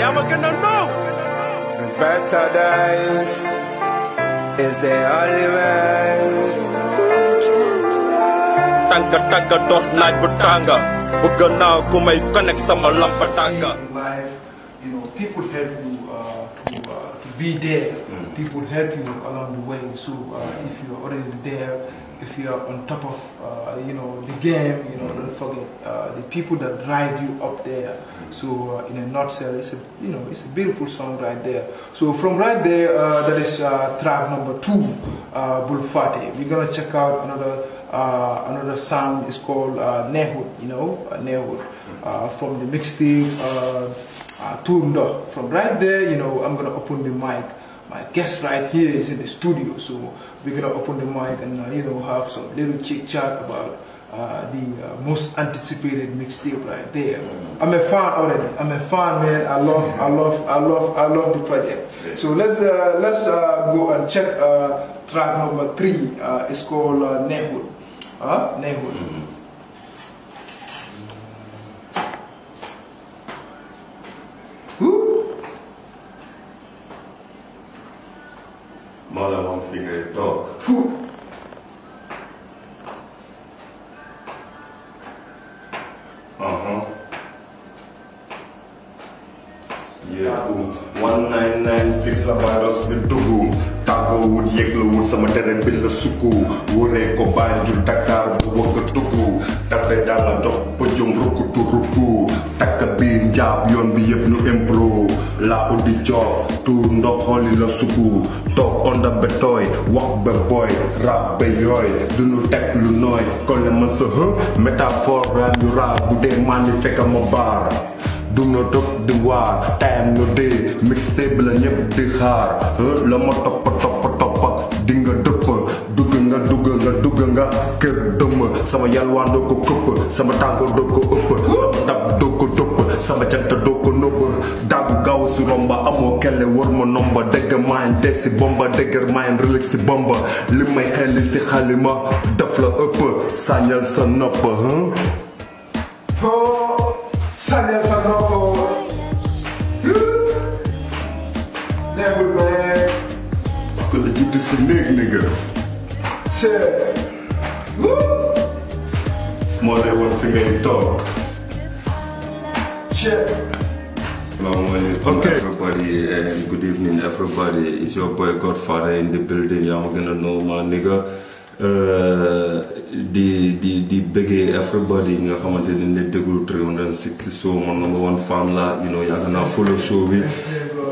Y'all yeah, gonna know. Paradise is the only way. Tanga tanga dox naaj bu tanga bu gannaaw ku connect sama lampa tanga. You know, people help you uh, to, uh, to be there. Mm. People help you along the way. So uh, if you're already there, if you are on top of uh, you know the game, you know don't forget uh, the people that drive you up there. So uh, in a nutshell, it's a you know it's a beautiful song right there. So from right there, uh, that is uh, track number two, uh, Bulfate. We're gonna check out another uh, another sound. It's called uh, Nehud, you know uh, Nehud, uh, from the mixtape uh, From right there, you know I'm gonna open the mic. My guest right here is in the studio, so we're gonna open the mic and you know have some little chit chat about. Uh, the uh, most anticipated mixtape right there. I'm a fan already. I'm a fan, man. I love, I love, I love, I love the project. So let's uh, let's uh, go and check uh, track number three. it's called Nehud. Uh, Nehud. Mm -hmm. dolli la suku toog onda betoy tooy wax ba booy rab ba yooy dunu teg lu noy kon le ma sa hë ram raam yu raar bu de maa ni fekk ma baar du na toog di waar time no dee mix table ñëpp di xaar hë la ma top top topp di nga dëpp dug nga dug nga dug nga kër dëmm sama yalwando ko kopp sama tàngoor do ko upp sama ko dëpp sama jant doo ko nëbb daagu gaaw si romba amoo kelle war ma nomba dëgg maayen des si bomba dëgër maayen relëg si bomba li may xelli si xalima daf la ëpp sañal sa nopp it's your boy Godfather in the building. Y'all gonna know my nigga. Uh, the the di bëggee everybody You nga xamante ne dañ leen déglu 360 So my number one fan la you know You are gonna follow show with.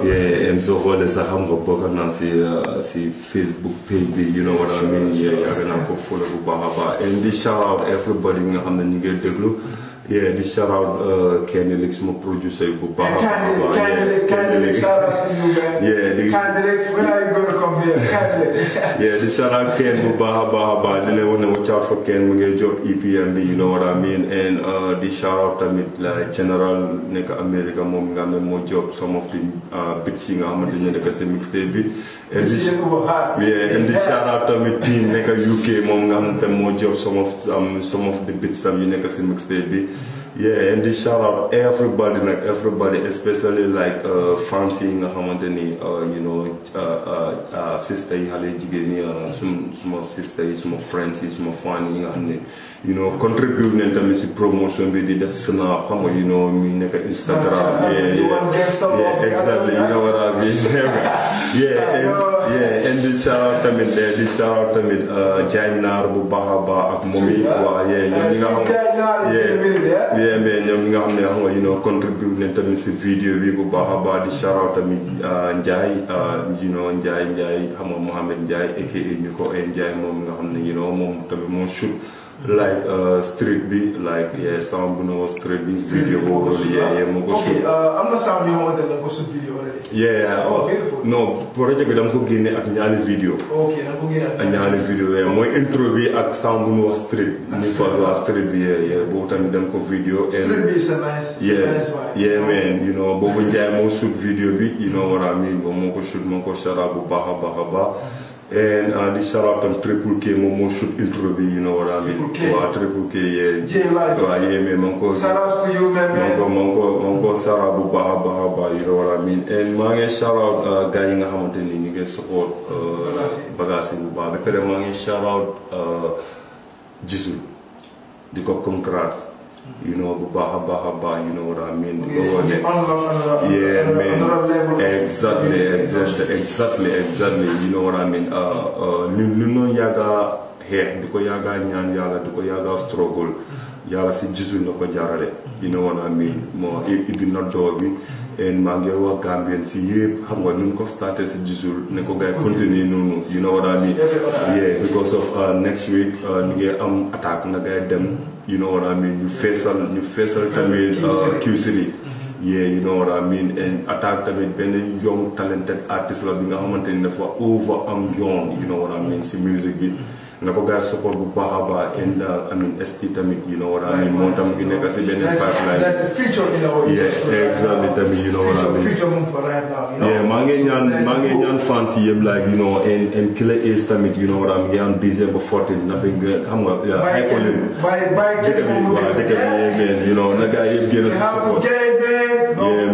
yeah and soo xoolee sax xam nga bokk naa si uh, si Facebook page you know what I mean yeah You are gonna go follow a baax and di shout out everybody You nga xam ne ñu ngi Yeah, this shout out uh, Kenny Licks, my producer, who bought Kenny Licks, shout out to you, man. Yeah, yeah, the shout out Ken Baha Baha Baha. Then I want to watch out for Ken when you drop EPMB, you know what I mean? And uh, this shout out to me, like General Neka America, Mom Game, Mo Job, some of the uh, big singer, I'm doing the mixtape. And this, yeah, and the shout out to me team, Neka UK, Mom Game, Mo Job, some of um, some of the bits that you Neka mixtape. Mm-hmm yeah and they shout out everybody like everybody especially like uh, fans yi nga xamante ni uh, you know uh, sister you have jigéen ñi suma some sister yi suma friends yi suma fan yi nga you know contribute nañ tamit si promotion bi di def snap xam nga you know mi nekk Instagram. Ah, exactly you know what bu baax a baax ak moom yi waa yee ñoom ñi nga xam ne yee mais ñoom contribute nañ tamit si vidéo bi bu baax a baax di saaral tamit uh, Njaay uh, you know Njaay Njaay xam nga Njaay aka ñu ko Njaay moom nga xam ne you know moom tamit moo shoot like uh, street beat, like yeah, sound no street beat video, Mogosu, yeah, yeah, Mogosu. Okay, uh, I'm not saying you want the Mogosu video already. Yeah, yeah. Oh, uh, beautiful. No, project with Amko Gene at Nyali video. Okay, Amko Gene at Nyali video. Yeah, my intro be at sound no street, Mufa street beat, yeah, yeah. Both time Amko video. And, street beat is a nice, yeah, nice vibe. Yeah, man. You know, but when I shoot video beat, you know what I mean. But Mogosu, Mogosu, Baha, Baha, Baha. And uh, this happened triple K Momo should intro be, you know what I mean? Triple K. Wow, triple K, yeah. J Life. Wow, yeah, man. Manko, shout out to you, man. Manko, manko, manko, Sarabu, Baha, Baha, Baha, you know what I mean? And mange shout out, uh, guy in Hamilton, you get support, uh, Bagasi, Baha. But mange shout out, uh, Jisu. the got congrats you know, bah, bah, bah, you know what I mean? Lower yes, level. Yeah, man. Level. Exactly, exactly, exactly, exactly. You know what I mean? Uh, uh, no, yaga here, duko yaga nyan yaga, duko yaga struggle. Yaga si jisu ko jarare. You know what I mean? Mo, not do me and maa ngi wax Gambien si yëpp xam nga ñu ko starté si you know what I mean yeah because of uh, next week ñu uh, ngi am attaque nga gars yi dem you know what I mean You ñu feesal ñu feesal tamit uh, Q-City yeah you know what I mean and attack attaque tamit benn young talented artist la bi nga in the for over um young. you know what I mean See music bi na ko gars support bu baax a baax and I mean ST tamit you know what I mean tam ngi nekk si beneen pipeline yeah uh, exactly tamit you know what I mean maa ngi ñaan maa ngi ñaan fans yi like you know and and Killer tamit you know what I ngi am dixième ba fourteen na bi nga xam nga ko leen dëkk bi bi yeah man na gars yëpp génn si support yeah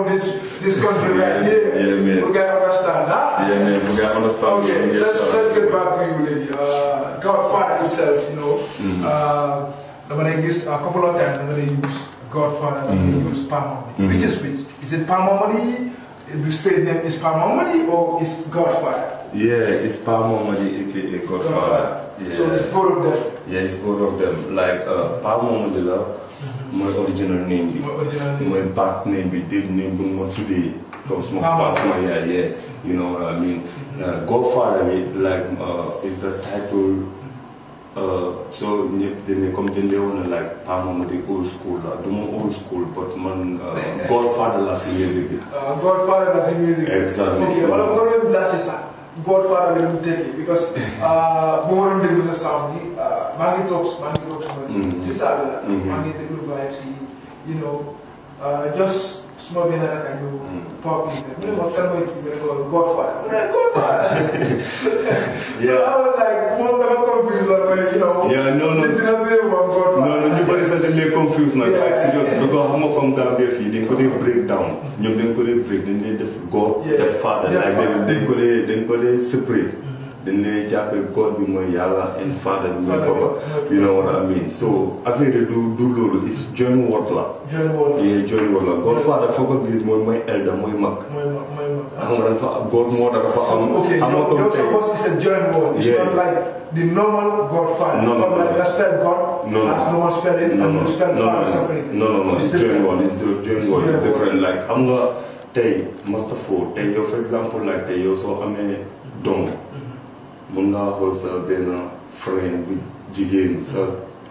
man this country yeah, right here. Yeah, man. We gotta understand that. Yeah, man. We gotta understand. Okay, let's, let's get back to you, lady. Uh, Godfather itself, you know. Mm-hmm. Uh, when I guess a couple of times I'm gonna use Godfather, mm-hmm. they use Palm Mm-hmm. Which is which? Is it Palm Money? The straight name is Palm or is Godfather? Yeah, it's Palm aka Godfather. Godfather. Yeah. So it's both of them. Yeah, it's both of them. Like uh, Palm Money, my original name my mooy original name bi mooy baat name bi déet name bi ma tuddee. comme suma papa suma yaay yeah you know what I mean. Mm-hmm. Uh, Godfather bi like uh, is the title. Uh, so ñëpp dañ ne comme dañ ne like part of the old school la du ma old school but man Godfather la music. musique bi. Godfather la si musique bi. exactly ok wala last wala godfather don't take it because bu ma doon déglu sa sound he money talks money talks money toog sama ci saal la maa ngi déglu vibes you know uh, just su ma benn rakk ñu toog nii mu ne ma kan mooy kii mu ne ma Godfather Godfather. so I was like moom dafa confuse la mooy you know. yeah non non dina tuddee moom Godfather. non non ñu bëri sax dañ lay confuse nag. ak si jos bi ko xam nga comme Gambia fii dañ break down. ñoom dañ ko dee break dañ dee def góor. def father like dañ ko dee dañ ko dee separate dañ lay jàppee God bi mooy yàlla and father bi mooy papa you know what I mean so affaire yi du du loolu is join word la. join word la join word la God father foo ko gis mooy mooy elder mooy mag. mooy mag mooy mag. xam nga dafa God moo tax dafa am. am na comme tey so is a join word. it's not like the normal God father. non non non respect God. non non as no one spell it. non non non non non it's join word it's join word it's different like am nga tey Master Fo tey yow for example like tey yow soo amee doom mun ngaa xool sa benn with bu jigéen sa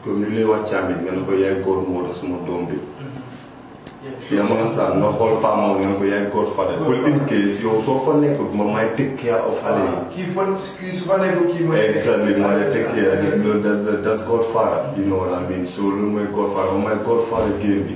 comme ni lay wax càmmiñ nga ne ko yaay góor moo da suma doom bi yaa ma understand nga xool paamam nga ne ko yaay góor fada ba in case yow soo fa nekkul ma may take care of xale yi ah, kii fan kii su fa kii exactly ma lay take care loolu das das godfather you know what I mean so loolu mooy godfather ma may godfather game bi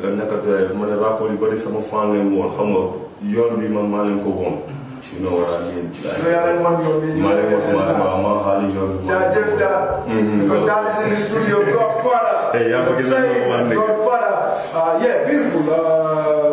rapport yu bëri sama fan leen woon xam nga yoon bi man maa leen ko woon. Mhm. you know what I mean. so yaa leen man yoon maa leen woon maa xaali yoon bi. jaajëf daal. kon daal di si studio Godfather. yaa ko gis naa maa nekk Godfather. Uh, yeah beautiful. Uh,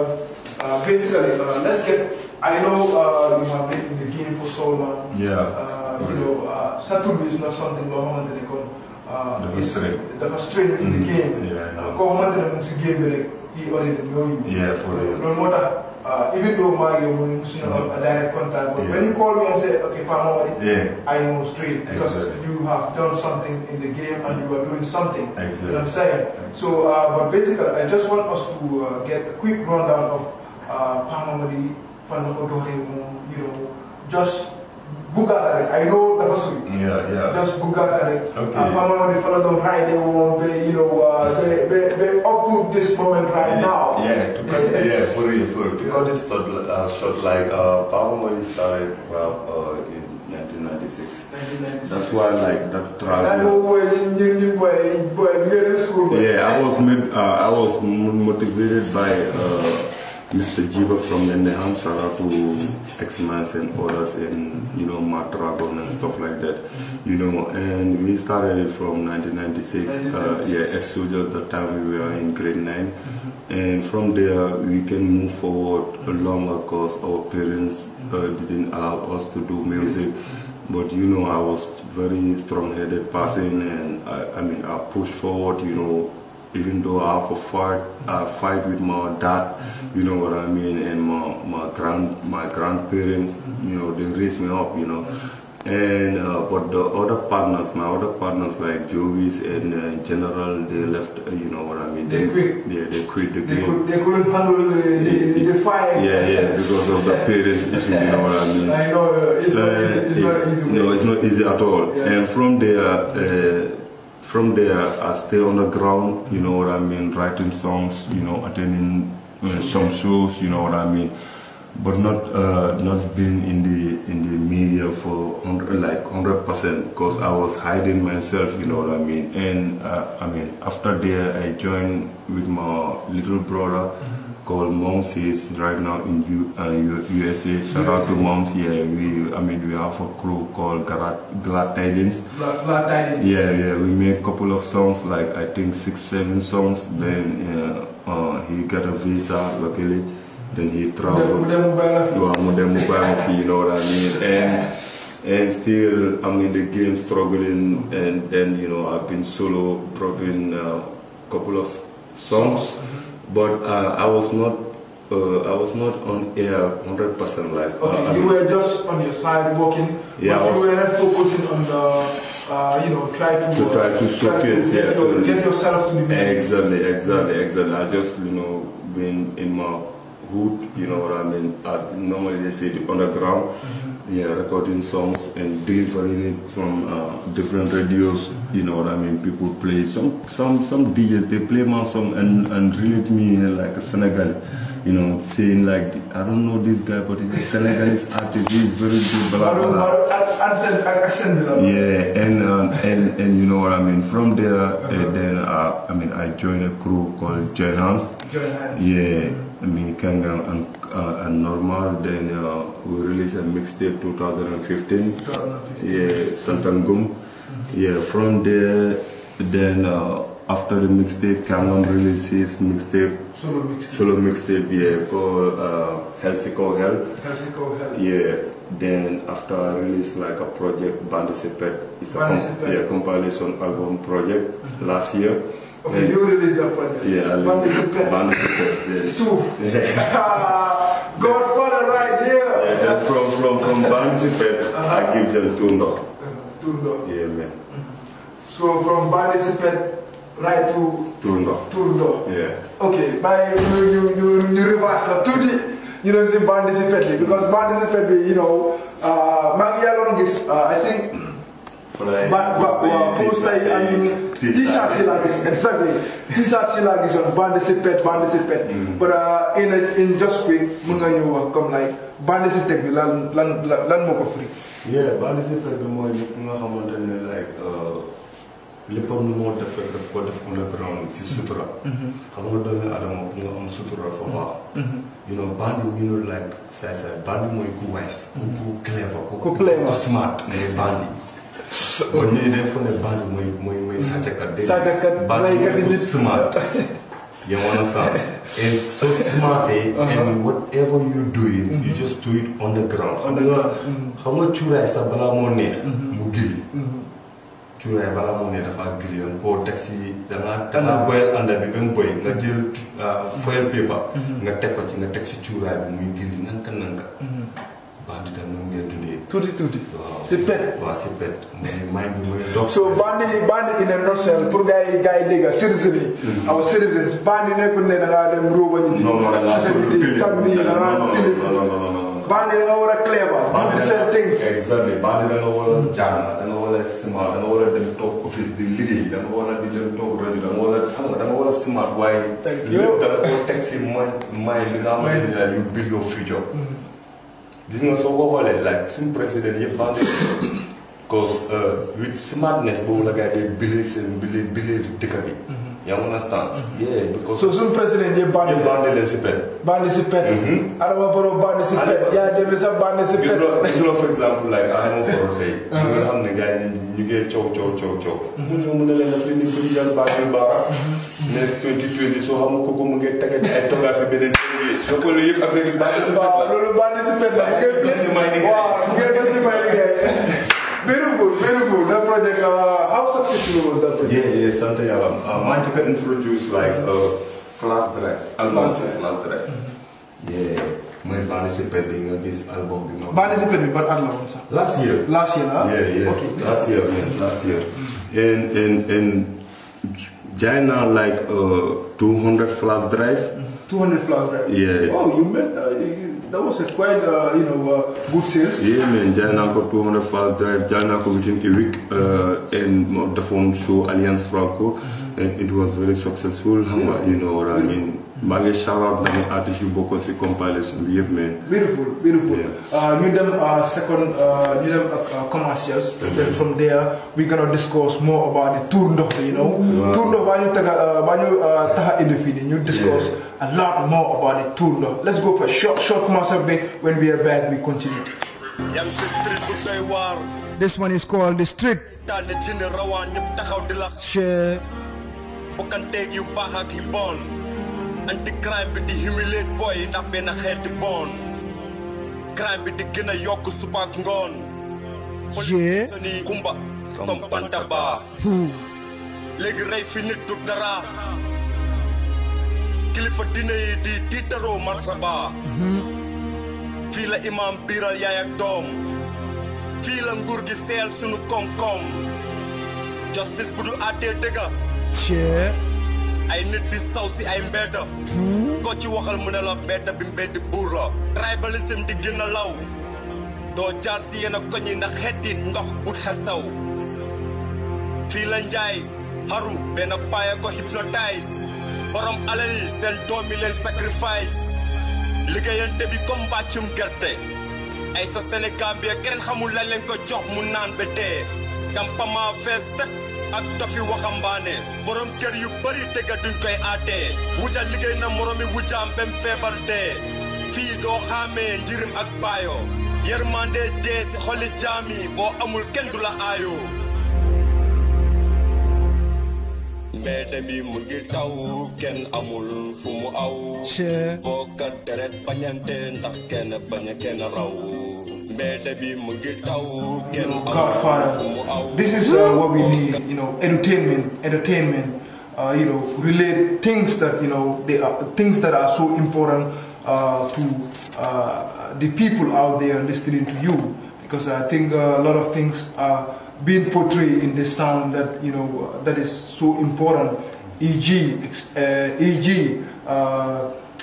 uh, basically uh, let's get I know uh, you have been in the game for so long. yeah. Uh, you know uh, Saturday is not something loo xamante ne kon dafa ah, straight dafa straight in the mm-hmm. game. koo xamante ne mu ngi si game bi he already know you. Yeah, for loolu moo tax ah, even though maa you know ngi suñu a direct contact. but when you call me and say okay Pa Momody. I know straight. because you have done something in the game and you are doing something. exactly you know what I'm saying. so ah, but basically I just want us to uh, get a quick rundown of Pa Momody fan you know just. Bugalarik. I know the first week. Yeah, yeah. Just Bugalarik. Okay. And Mama when follow them right, they won't be, you know, uh, they, they, they up to this moment right yeah, now. Yeah, because, yeah, for real, for real. Because this thought, uh, shot like uh, Palm started, well, uh, in 1996. 1996. That's why, like, that travel. Yeah, I was made, uh, I was motivated by. Uh, Mr. Jiva from Lendeham. Shout out to Excellence and others and, you know, Matt Dragon and stuff like that. Mm-hmm. You know, and we started from 1996. Uh, yeah, as as that time we were in grade 9. Mm-hmm. And from there, we can move forward longer because our parents uh, mm-hmm. didn't allow us to do music. But, you know, I was very strong-headed person and, I, I mean, I pushed forward, you know, even though I have a fight, I uh, fight with my dad, you know what I mean, and my my grand my grandparents, you know, they raised me up, you know. And uh, but the other partners, my other partners like Jovis and uh, in general, they left. Uh, you know what I mean? They, they quit. Yeah, they quit the they game. Could, they couldn't handle the, the, the, the fire. Yeah, yeah, because of the parents' issues. You know what I mean? I know uh, it's, not, easy, it's it, not easy. No, it's not easy at all. Yeah. And from there uh, from there, I stay on the ground, you know what I mean, writing songs, you know, attending uh, some shows, you know what I mean, but not uh, not being in the in the media for 100, like hundred percent because I was hiding myself, you know what I mean. And uh, I mean, after there, I joined with my little brother called Moms is right now in U, uh, USA. Shout USA. out to Moms. Yeah, we I mean we have a crew called Glad, Glad Tidings. Glad, Glad Tidings. Yeah, yeah. We made a couple of songs, like I think six, seven songs. Mm. Then uh, uh, he got a visa luckily. Then he traveled. Yeah, you know what I mean. And and still I'm in the game struggling. And then you know I've been solo dropping a uh, couple of songs. Mm-hmm but uh, I was not uh, I was not on air 100 percent live. Uh, okay, uh, you were just on your side working. Yeah, but I was, you were not focusing on the uh, you know try to, to try to uh, showcase yeah, your, get yourself to the Exactly, exactly, exactly. I just you know been in my good, you know what I mean, as normally they say, the underground, mm-hmm. yeah, recording songs and delivering it from uh, different radios, mm-hmm. you know what I mean, people play, some some some DJs, they play my song and, and relate me like a Senegal, mm-hmm. you know, saying like, I don't know this guy, but he's a Senegalese artist, he's very good, blah, blah, blah. Yeah, and, um, and, and you know what I mean, from there, uh, then, uh, I mean, I joined a crew called Joy Hands. Joy Hands. Yeah I and, uh, and Normal. Then uh, we released a mixtape 2015. 2015. Yeah, Santangum. Mm -hmm. Yeah, from there, then uh, after the mixtape, Cameron released his mixtape. Solo mixtape. Solo mixtape, yeah, called uh, Health. Help. Helsico Yeah. Then after I released like a project, Bandicipet, it's a comp yeah, compilation album project mm -hmm. last year. Okay, you release is apprentice. Yeah, I live. Yusuf. Godfather right here. Yeah, from from from Bandisipet, uh -huh. I uh-huh. give them Tundo. Uh-huh. Tundo. Yeah, man. Mm-hmm. So from Bandisipet right to Tundo. Tundo. Yeah. Okay, by you you you, you reverse the Tundi. You know, say Bandisipet because Bandisipet, you know, uh, Magialong is uh, I think. But but post uh, I mean. Um, T-shirts here like this, exactly. T-shirts here like this on bandicipet, bandicipet. Mm. But uh, in a, in just quick, munga nyowa come like bandit bandicipet bi lan lan lan moko free. Yeah, bandit bandicipet bi moy nga xamantene like uh leppam nu mo def dapat dapat ko def on the ground ci mm-hmm. sutura. Mm-hmm. Xam nga doomi adama bu nga am sutura fa mm-hmm. You know, bandi you know like say say bandi mo ku wise, ku clever, ku clever, smart, mais Oh, bon nit ñi dañ foog ne Banjul mooy mooy mooy sàccakat. sàccakat laykat yi smart you understand and smart eh? uh-huh. and whatever you doing you mm-hmm. just do it on xam nga cuuraay sax balaa moo neex. mu gili mm-hmm. cuuraay balaa moo ne dafa gili yoon koo teg si da ngaa boyal ànda bi ba mu boy nga mm-hmm. jël ah, foil paper. nga teg ko ci nga teg ci cuuraay bi muy gili nanka nanka. bandi tam pet. pet. so bandi bandi in a nutshell pour gars yi gars yi citizen yi. Mm-hmm. aw citizen ne da ngaa dem ruuba ñu. non non da ngaa sori tam bi da ngaa pili. bandi da bandi exactly bandi da nga war a jàng da nga war dem toog office di liggéey da nga war a dem toog rajo da nga war a you build your did I so go hole like some president you found it, cause uh, with smartness people like gay believe believe believe dikabi mm mm-hmm. I understand? Mm-hmm. Yeah, because so soon president ye bandele. Ye bandele sipet. Bandele sipet. Mm-hmm. Adama Baro bandele sipet. Ya Jemisa bandele sipet. for example like Adama Baro day. You will have the guy you get chow chow chow chow. Mune mune the na pini pini jan bandele bara. Next 2020 so hamu koko munge take take to gafi beden years. Koko we yip afre it, sipet. Lolo bandele sipet la. Munge please. Wow. Munge please my beautiful, beautiful. That project, uh, how successful was that project? Yeah, yeah, something. Um, I Manti to introduce like a flash drive, album flash, flash drive. Mm -hmm. Yeah. My is pending on this album. Partnership being what album? Last year. Last year, huh? Yeah, yeah. Okay. Last year, man. Last year. Mm-hmm. And and and China like uh, 200 flash drive. Mm-hmm. 200 flash drive. Yeah. Oh, you met. Uh, you, that was a quite, uh, you know, uh, good sales. Yeah, man. Jail Nanko 200 drive. Jail Nanko between Eric uh, and the phone show Alliance Franco. Mm -hmm. And it was very successful. Yeah. You know what I mean? maa shout out nag you yu compilation beautiful beautiful. ñu uh, second ñu dem uh, uh, uh commercials. Mm-hmm. then from there we are gonna discuss more about the Tundo, you know. Tundo, when you ñu in the uh, ñu you discuss a lot more about the Tundo. let's go for short short commercial break when we are back we continue. This one is called The Street. Share. anti crime bi di humiliate boy yi na xeeti bon crime bi di gën a yokk suba ak ngoon. je. kumba comme Pantaba. léegi rey fi nit du dara. kilifa dina yi di tiitaroo martaba. Mhm. fii la imaam biiral yaay ak doom. fii la nguur gi seel sunu koom-koom. justice bu du àttee dëgga. ay nit di saw si ay mbedd ko ci waxal mu ne la mbedd bi mbedd buur la tribalisme di gën a law doo jaar si yenn koñ yi ndax xeeti ndox but xesaw fii la njaay xaru benn paaya ko hypnotise borom alal yi seen doom yi leen sacrifice liggéeyante bi comme mbàccum gerte ay sa Sénégal bi kenn xamul lañ leen ko jox mu naan ba dee campement fees tëkk ak tafi waxambaane borom kër yu bari tëgga duñ koy àttee wuja liggéey na moromi wujaam bem feebar dee fii doo xaamee njirim ak baayo yermande dee si xoli jaami boo amul kenn du la aayoo mbedd bi mu ngi taw kenn amul fu mu aw bokkat deret bañante ndax kenn bañ kenn raw Godfather. This is uh, what we need, you know, entertainment, entertainment. Uh, you know, relate things that you know they are things that are so important uh, to uh, the people out there listening to you, because I think a lot of things are being portrayed in this sound that you know that is so important. E.g. E.g.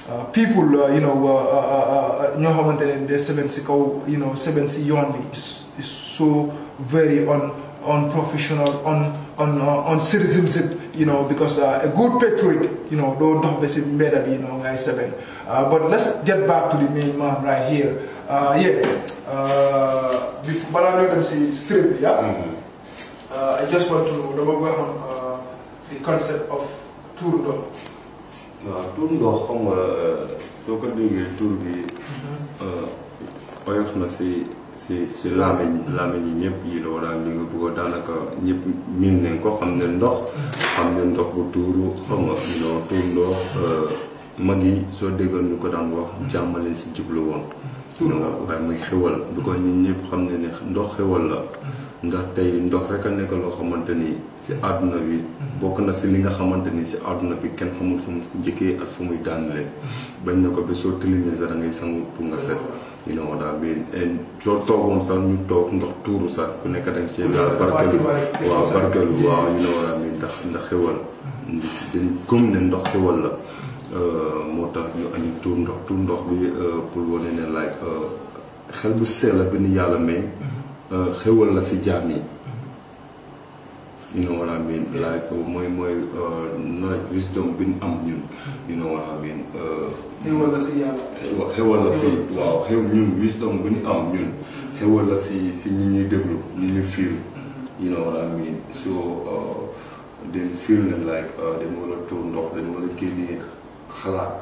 Uh, people uh, you know uh, you know how many seben si you know seventy si is is so very un unprofessional un un un citizenship you know because a good patriot you know don't, dox ba si mbedda bi you know seven. seben but let's get back to the main man right here yeah bi I know them si strip bi yeah mm-hmm. I just want to know bëgg the concept of tour ndox waaw tur ndox xam nga soo ko déggee tur bi mhm. euh, oyof na si si si làmmiñ làmmiñ yi ñëpp yi la wala li nga daanaka ñëpp miin nañ ko xam ne ndox mhm. xam ne ndox bu tuuru xam nga non tur ndox euh, mag yi soo déggoon ñu ko daan wax mhm. jàmmale si jublu woon waaye muy xewal bu ko nit ñëpp xam ne ne ndox xewal la ndax tey ndox rek a nekk loo xamante ni si àdduna bi bokk na si li nga xamante ni si àdduna bi kenn xamul fu mu njëkkee ak fu muy daanalee bañ na ko ba soo tilimee sax da sangu pour nga set you know ndox tuuru sax ku nekk da nga waaw barkelu bi ndax ndax xewal dañ gëm ne ndox xewal la euh, moo tax ñu ani tuur ndox tuur ndox bi euh, pour wane ne like euh, xel bu sell la bi yàlla may Uh, xéwal la si jaam yi you know what I mean like uh, mooy mooy uh, knowledge wisdom bin am ñun you know what I mean xéwal la si yàlla xéwal la si waaw xew ñun wisdom bin am ñun xéwal la si si ñi ñuy déglu ñi ñu fiil you know what I mean so dañ fiil ne like dañ war a tuur ndox dañ war a génnee xalaat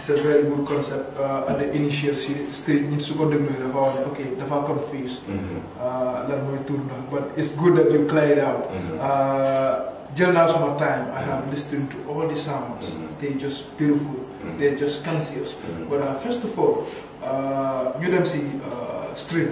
it's a very good concept uh, at the initial stage it's su ko déglu dafa wax ne ok the confuse mm-hmm. uh, lan mooy but it's good that you clear it out mm-hmm. uh, Just last time I have mm-hmm. listened to all the sounds they are just beautiful they are just conscious but first of all you don't see street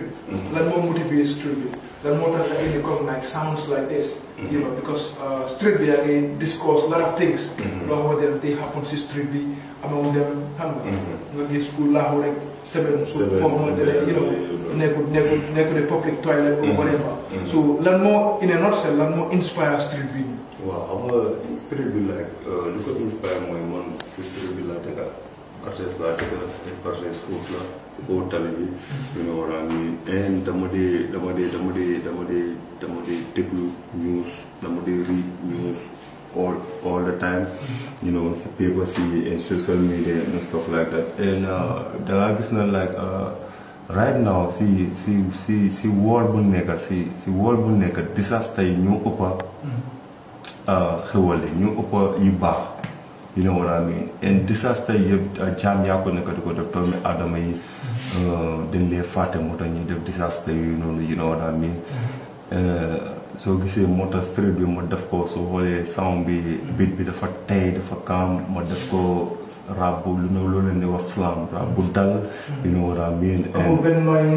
Learn more, motivate streaming. Learn more, moo tax nga indi comme like sounds like this mm-hmm. you know because uh, street they yaa a lot of things loo xamante ne they happen to street be among them xam nga nga school ku seven so you know nekkul nekkul nekkul the public toilet or mm-hmm. whatever mm-hmm. so learn more, in a nutshell learn more, inspire street Wow, waaw xam nga street like uh, look at inspire my man si street bi RTS laatika une RTS foot la si kaw tali bi ñu ngi war a nii and dama dee dama dee dama dee dama dee dama dee déglu news dama dee read news all all the time you know si paper si and eh, social media and stuff like that and uh, dangaa gis na like uh, right now si si si si wool bu nekk si si wool bu nekk disaster yi ñu ëppa uh, xewale ñu ëppa yu baax You know what I mean? and disaster yëpp uh, jaam yaa ko nekk di ko def doomi aadama yi uh, dañ lee fàtte moo tax ñuy def disaster yooyu noonu you know what I mean uh, soo gisee moo tax street bi ma def ko soo xoolee sound bi beat bi dafa tey dafa kaam ma def ko rap lu ne loolu leen di wax slam rap bu dal you know what I mean amul benn noise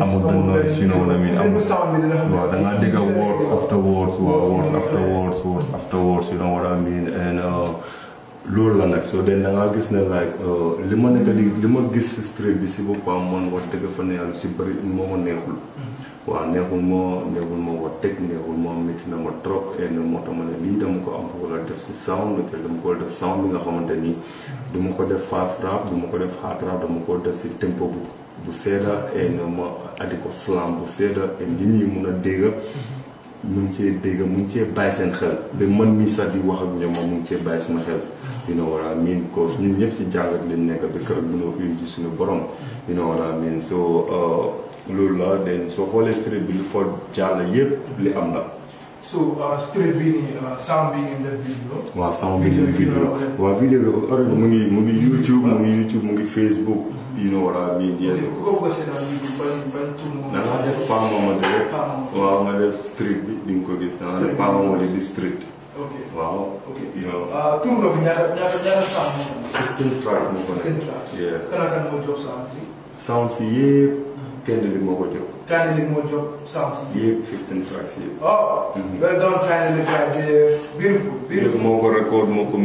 words after words words after words words after words you know and loolu la nag soo dee da ngaa gis ne like uh, li ma nekk di li ma gis si street bi si boppam man wax dëgg fa ne yàlla si bëri moo ma neexul. waaw neexul moo neexul moo ma teg neexul na ma trop et ma ne lii dama ko def si sound te dama ko def bi nga xamante ni du ko def fast du ma ko def hard rap dama ko def si tempo bu bu sedda et ma adi ko slam bu sedda et li ñuy mun a dégg. mu ngi cee dégg mu ngi cee bàyyi seen xel ba man mii sax di wax ak ñoom mu ngi cee bàyyi suma xel. you know what I mean cause ñun ñëpp si jàngat lañ nekk ba keroog mënoo uyu ji suñu borom you know what I mean so uh, loolu la den soo xoolee street bi lu fa jàll yëpp li am la so uh, street bii nii uh, sound bii ngeen bi mu ngi mu ngi YouTube mu ngi YouTube mu ngi Facebook. you know what I mean. yéen ko ko seetaan YouTube def Paa Mamadi rek. waaw nga def street bi di nga ko gis. street bi di street. ok waaw. ok ah tur bi ñaata fifteen tracks moo fifteen tracks. kan ak kan moo job bi. sound si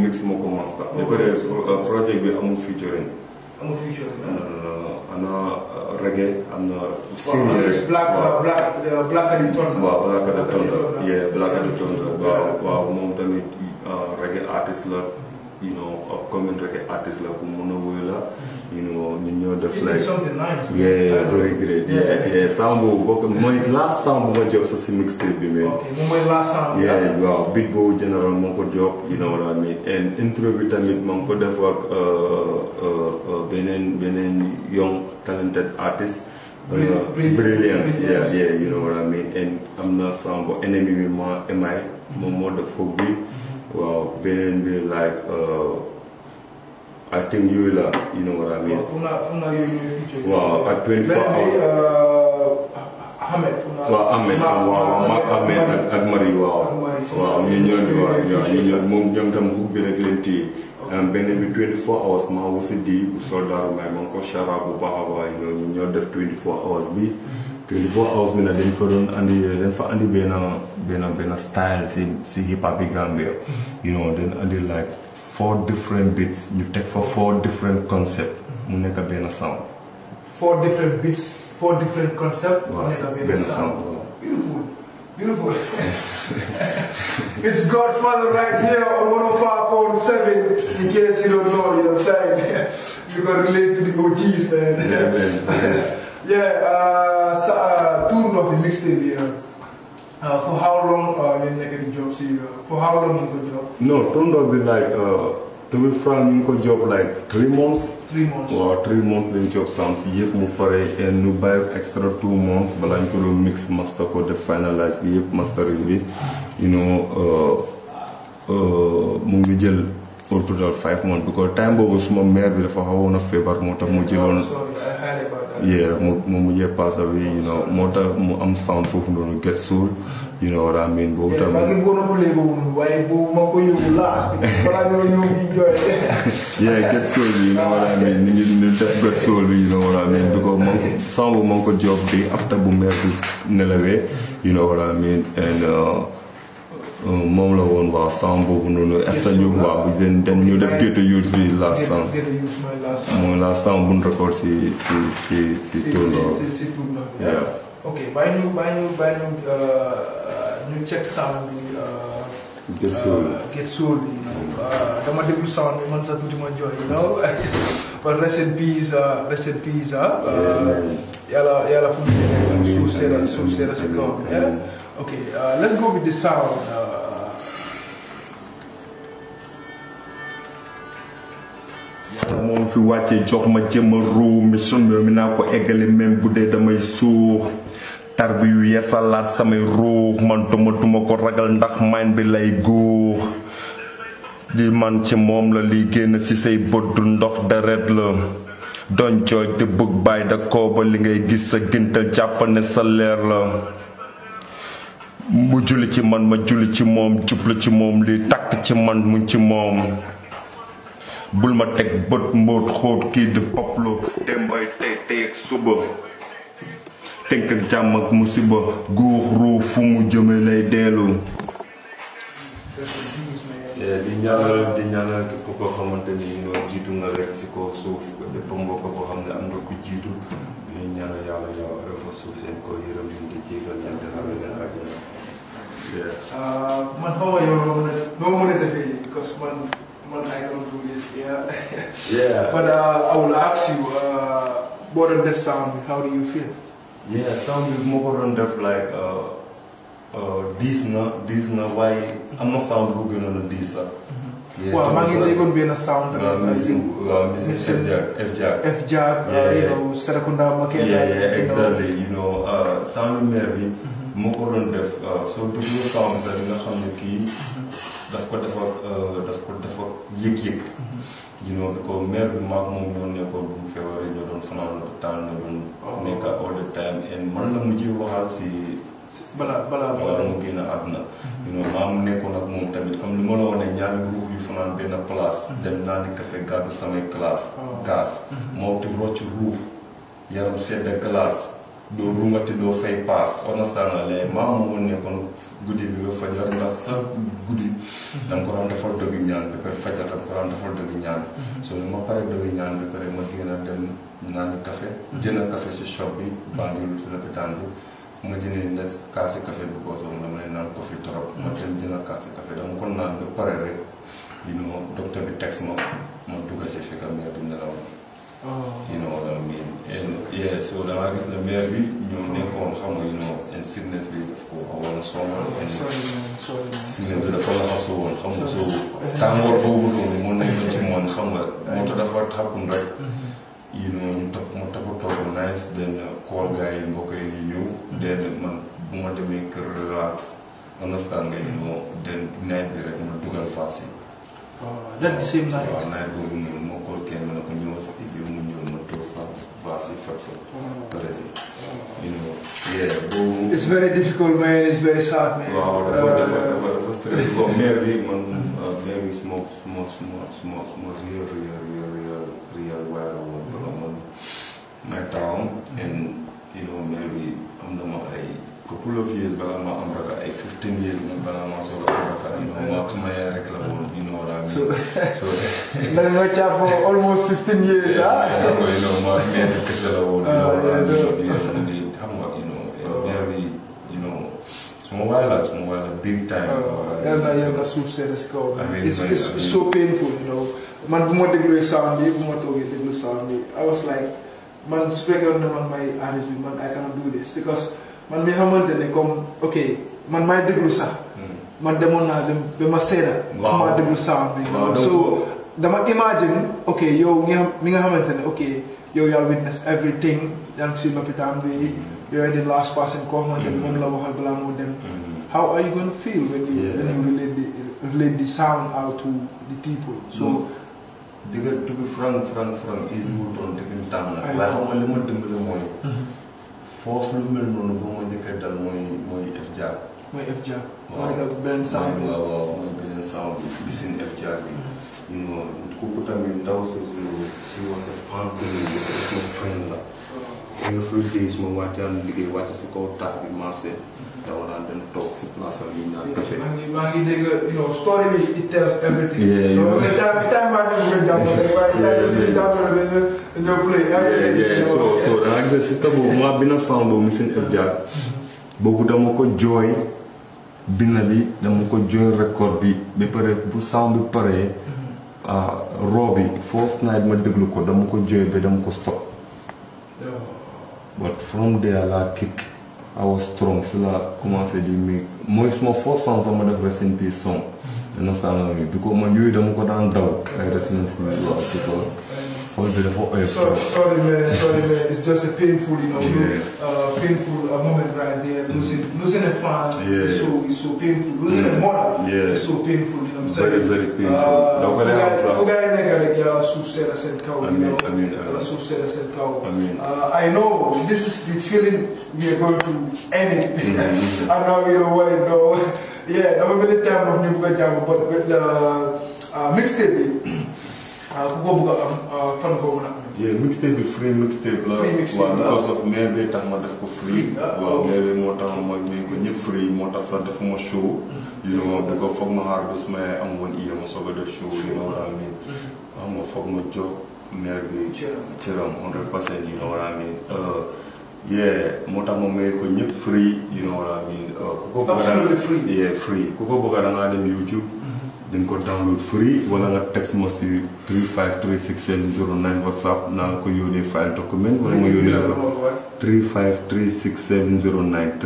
mix moo ko master. Oh, ba pare uh, projet bi amul featuring. amul fusion euh, am na euh, reggae am na. singing black uh, black uh, Adilton. waaw black Adilton la. black Adilton la waaw waaw moom tamit uh, reggae artiste la. you know, upcoming reggae artists like Umuno Wola. Mm-hmm. you know, you know, the flag. something nice. Yeah, yeah, very great. Yeah, yeah. yeah. Sambo, welcome. My last Sambo my job was a mixtape, man. Okay, my last Sambo. Yeah, well, Big Boy General Monko job, you know mm-hmm. what I mean. And intro with I mean, Monko Defak, uh, uh, uh, Benin, Benin, young, talented artist. Brilliant. Uh, brilliant. Brilliance, brilliance, yeah, yeah, you know what I mean. And I'm not Sambo, enemy with my MI, Momo Defok Big. waaw beneen bi like uh, I think yooyu la you know what I mean. waaw fu mu la fu mu la yooyu yooyu feature. waaw ak 24 hours. Ahmed fu mu la. waaw Ahmed waaw mag Ahmed ak ak Marie waaw. waaw ñu ñëw ñu waaw ñu ñëw moom ñoom tam hub bi rek leen téye. Um, beneen bi 24 hours maa wu si di bu soldaaru may ma ko chara bu baax a baax yi ñoo def 24 hours bi. 24 mhm. hours bi nag dañ fa doon andi dañ fa andi benn. benn benna style see see hip hop yi Gambia you know then andi like four different beats you take for four different concept you nekk benn sound four different beats four different concept mu sound beautiful beautiful it's Godfather right here on 105.7 in case you don't know you know what I'm saying you can relate to the OGs man yeah man yeah uh, uh, two of the mixtape you know uh, for how long uh, when like in job see for how long in the job? No, Tondo be like uh, to be frank, in the job like three months. Three months. Or three months in job sams. Yep, mu fare and nu buy extra two months. But I'm gonna mix master code finalize. Yep, master will you know uh, uh, mu ngi five months because time boobu suma mère bi dafa xawoon a feebar moo tax mu jëloon yeah mu mu mujjee pass away you know moo tax mu am sound foofu noonu Get Soul you know what I mean boobu tamit. maa ngi bëggoon a play boobu noonu waaye boobu maa ko yóbbu last balaa ñoo ñëw fii jooy. yeah Get Soul you know what I mean ni ngi ni Get Soul you know what I mean because maa ngi ko sound boobu maa job day after bu meer bi nelawee you know what I mean and. Uh, gonna uh, use woon last song boobu noonu after ñu waaw dañ new, ñu def ghetto youth bi last song mooy last song buñ record si si si si tournoi ok bàyyi ñu bàyyi ñu bàyyi ñu ñu check sound bi uh, get soul uh, get soul the dama déglu sound bi man sa tuuti ma jooy now but rest in peace rest in peace yàlla yàlla fu mu nekk suuf seera suuf seera si kaw ok let's go with the sound moom fi wàccee jox ma jëm a ruu mission mi naa ko eggale même bu dee damay suux tarbi yu yesalaat samay ruux man duma duma ko ragal ndax man bi lay guux di man ci moom la liy génn ci say bët du ndox deret la doñ jooj di bëgg bàyyi da kooba li ngay gis sa géntal jàpp ne sa leer la mu julli ci man ma julli ci moom jublu ci moom li takk ci man mu ci moom bul ma teg bët mbóot xóot kii di poplo dembay tey tey ak suba tenk jam ak musiba guux ru fu mu jeme lay deelu eh, di ñaanal di ñaanal ko ko xamanteni ni jitu nga rek ci ko suuf de mbokk boo ko xamne am nga ko jitu ñu ñaanal yalla yow rek ko suuf en ko yeeram leen di jégal leen di xamal leen àjjana eh. ah, man xaw ma yow loo mën a loo mën a man but I don't do this Yeah. yeah. But uh, I will ask you, uh, on deaf sound, how do you feel? Yeah, sound is modern deaf like uh, uh, this na this na why I'm not sound good on this. Uh. Yeah, well, Mangi like, going to be in a sound. Uh, missing, uh, missing F Jack, F Jack, F Jack. Uh, yeah, uh, you yeah. know, Serakunda Makeda. Yeah, yeah, you exactly. Know. You know, uh, sound maybe. Mm-hmm. More on deaf, uh, so do your sounds that you know how you daf ko dafa euh, daf ko dafa yëg-yëg. ginnaaw bi ko maire bi maag moom ñoo nekkoon bu mu feebaree ñoo doon fanaan lopitaan ñoo doon oh. nekk all the time and man la mujjee waxal si. balaa balaa balaa mu génn àdduna. ginnaaw maa mu nekkoon ak moom tamit comme ni ma la waxee ñaari ruux yu fanaan benn place. Mm-hmm. dem naa ni café gàddu samay classe. Oh. gaas mm-hmm. moo ti rocc ruux yaram sedd glace. doo ruuma te doo fay paas onastaan la lay maam moo nekkoon guddi bi nga fajar ndax sa guddi da nga ko daan defal dogi ñaan ba pare fajar da nga ko daan defal dogi ñaan mm-hmm. so li ma pare dogi ñaan ba pare ma génn a dem naan café mm-hmm. jënd café si shop bi Banjul si lopitaan bi ma jëndee bi ko soxla dama ne naan ko fi trop ma jël jënd kaasi café dama ko naan ba pare rek you know bi tex ma ma dugg si fekk am nga du nelaw Oh. You know what I mean? And yeah, so the like is the mere we you know you know and sickness be for our summer and sickness be the follow us on come so time work over to one night to one come what the what happened right mm-hmm. you know you talk more talk talk nice then uh, call guy in boka in you then uh, man buma to make relax understand you know then night be like dugal fast Oh, that seems like. Yeah, night go in the studio you know yeah it's very difficult man it's very sad man Wow, dafa dafa dafa dafa stress bon maire bi man maire bi real, suma suma suma suma real, real, real, real, real, real, my town and you know maybe i am the ma couple of years but i am raka fifteen years man I'm soog a am raka you know maa suma yaay rek so, language for almost 15 years. Yeah, huh? yeah, well, you know, man, because I uh, will, oh, um, you know, yeah, and they, I'm not, you know, oh. you know, small while, small while, big time. Oh, uh, yeah, yeah, yeah, that's what said, it's called. I mean, it's, it's I mean, so painful, you know. Man, I'm bu ma déglu sound bi bu ma toogee déglu sound bi I was like man speaking on my man man I cannot do this because man mi xamante ne come, ok man may déglu sax Maar de man ma seda ma de sound thing. So the imagine okay yo minga minga hamilton okay yo you witness everything yang si ma pitam be you are the last person ko ma dem mom la waxal bala mo dem. Mm-hmm. How are you going to feel when you yeah. when you relate the relate the sound out to the people? So mm. to be frank frank frank is good on taking time la waaye xam nga li ma dimbali mooy mm-hmm. foofu lu mel noonu ba ma njëkk dal mooy mooy def jàpp mooy FJAC. so so da si tabu maa bi na sang boobu bisin FJAC mm-hmm. boobu dama ko jooy. bind bi dama ko join record bi ba pare bu sound bi paree mhm. ah, raw bi first night ma déglu ko dama ko join ba dama ko stop oh. but from there la kick I was strong si la commencé di make mooy suma foo song sama def rest in peace song mhm. dana sànna mi bi ko man yooyu dama ko daan daw ay rest in peace waaw What will be the uh, sorry, sorry, man. Sorry, man. It's just a painful, you know, yeah. uh, painful uh, moment right there. Mm. Losing, mm. losing a fan yeah. is so, is so painful. Losing mm. a mother yeah. is so painful. You know what I'm saying? Very, very painful. Uh, Fugay nega like yala sufsela said cow. I mean, I mean, yala sufsela said cow. I mean, uh, I know this is the feeling we are going to end it. Mm -hmm. I know we don't want it though. Yeah, the time of Nibuka Jambo, but with the uh, uh, mixtape. waaw ku euh, ko bëgg a am fan a nag. yéen mixtape bi free mixtape la. la because of maire bi tax ma def ko free. Ah, waaw maire bi moo tax ma ne ko ñëpp free mm-hmm. you know di a def show you know what mean. Mm-hmm. xam uh, moo tax ma may ko ñëpp free you know what I mean. Uh, ku ko bëgg a dem YouTube. dañ ko download free wala nga text ma si 3536709 whatsapp naa la ko yónnee file document wala ma yónnee la ko 3536709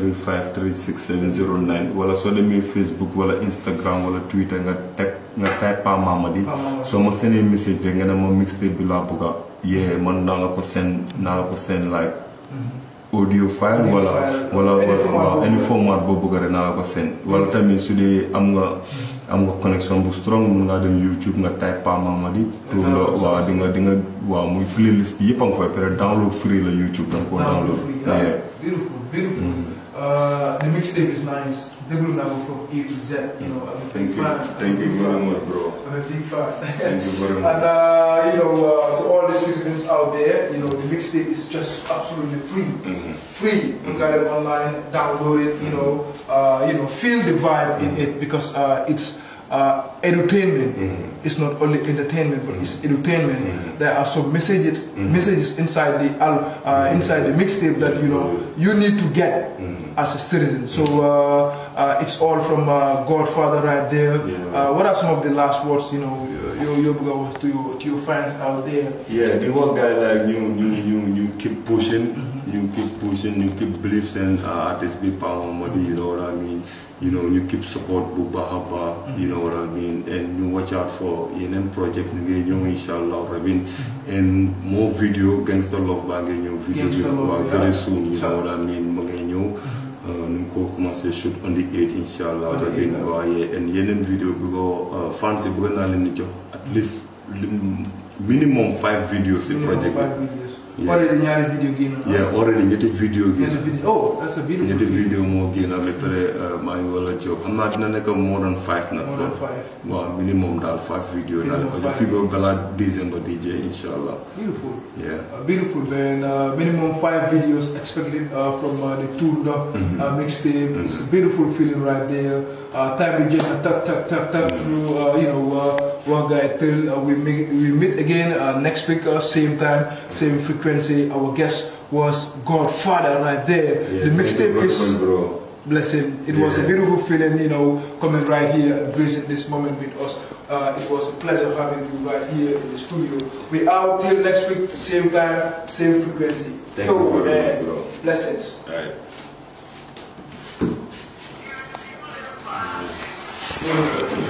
3536709 wala soo demee Facebook wala Instagram wala Twitter nga teg nga type Pa Mamadi soo ma seenee message rek nga ne ma mixtape bi laa bëgg a yee man naa la ko seen naa la ko seen like mm-hmm. audio file wala wala waaw any format boo bëgg rek naa la ko seen wala tamit su dee am nga am nga connexion bu strong mun ngaa dem YouTube nga type Pa Mamadi pour nga ah, waaw di nga waaw muy playlist bi yëpp a nga koy pare download free la YouTube danga koo download ah, beautiful mm-hmm. uh, déglu from A to Z. you know I'm a big fan. thank you very much bro. I'm a big fan. thank you very much. and uh, you know uh, to all the citizens out there you know the mixtape is just absolutely free. Mm -hmm. free. Mm -hmm. You got it online, download it. you mm-hmm. know uh, you know feel the vibe in it because uh, it's uh, entertainment. Mm. It's not only entertainment, but it's entertainment. Mm. There are some messages mm. messages inside the uh, inside the mixtape that you know you need to get as a citizen. So uh, uh, it's all from uh, Godfather right there. Yeah. Uh, what are some of the last words you know you're, you're to, your fans out there? Yeah, the one guy like you, you, you, keep pushing, mm keep pushing, you keep beliefs and uh, artists be power money, you know I mean? You know, you keep support Bubahaba, mm-hmm. you know what I mean? And you watch out for ENM project, you know, inshallah, I mean, mm-hmm. and more video, Gangster Love Bang, and your video will yeah. very soon, you know what I mean? Mm-hmm. Uh, nu ko commencé shoot on the 8 incha allah rabin waaye yeneen vidéo bi uh, fans yi bëgg naa leen di jox least minimum five videos minimum in project five videos. Yeah. already ñaari video game. yeah already ñetti video génn oh that's a video game. video moo génn ba My wallet job. I'm not gonna get more than five Not more than five Well, minimum that five video daal ko if you go décembre December DJ, inshallah. beautiful yeah uh, beautiful Then uh, minimum five videos expected uh, from uh, the tour mm-hmm. uh, mixtape it's a mm-hmm. beautiful feeling right there uh, time we just tap tap tap through, uh, you know, uh, one guy till uh, we, meet, we meet again uh, next week, same time, same frequency. Our guest was Godfather right there. Yeah, the mixtape is. Bro. Blessing. It yeah. was a beautiful feeling, you know, coming right here and embracing this moment with us. it was a pleasure having you right here in the studio. We out till next week, same time, same frequency. Thank you. Bro. Blessings. All right. Thank you.